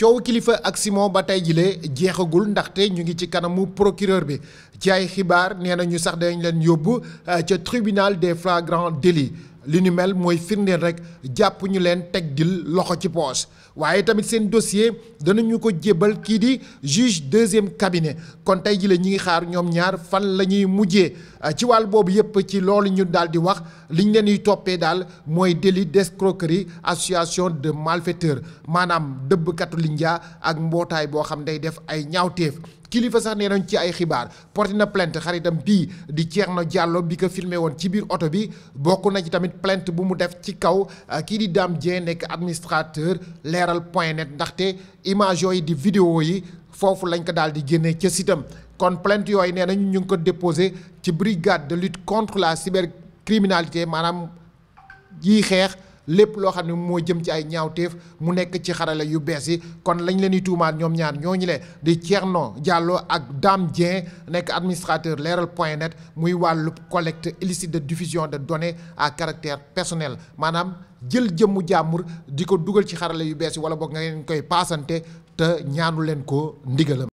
coow kilifa ak ba tey jilee jeexagul ndaxte ñu ngi ci kanamu procureur bi ci ay xibaar nee nañu sax dañ leen yóbbu euh, ca tribunal des flagrants délits li nu mel mooy firndeel rek jàpp ñu leen teg dil loxo ci poos waaye tamit seen dossier danañu ko jébbal kii di juge deuxième cabinet kon tey jii la ñi ngi xaar ñoom ñaar fan la ñuy mujjee ci wàll boobu yëpp ci loolu ñu daal di wax liñ leen di toppee daal mooy délit d'escroquerie association de malfaiteurs maanaam dëbbkatu linjaa ak mbootaay boo xam day def ay ñaawteef kilifa sax nee nañ ci ay xibaar porté na plainte xaritam bii di na jàlloo bi ko filmé woon ci biir oto bi bokk na ci tamit plainte bu mu def ci kaw euh, kii di Dame Dieng nekk administrateur leeral point net ndaxte image yooyu di vidéo yi foofu lañ ko daal di génnee ca sitam kon plainte yooyu nee nañ ñu ngi ko déposé ci brigade de lutte contre la cybercriminalité maanaam yiy xeex. lépp loo xam ne moo jëm ci ay ñaawteef mu nekk ci xarala yu bees yi kon lañ leen di tuumaat ñoom ñaar ñu le di Thierno jàlloo ak Dame Dieng nekk administrateur leeral point net muy wàllu collecte illicite de diffusion de données à caractère personnel maanaam jël jëmmu jàmbur di ko dugal ci xarala yu bees yi wala boog nga leen koy paasante te ñaanu leen ko ndigalam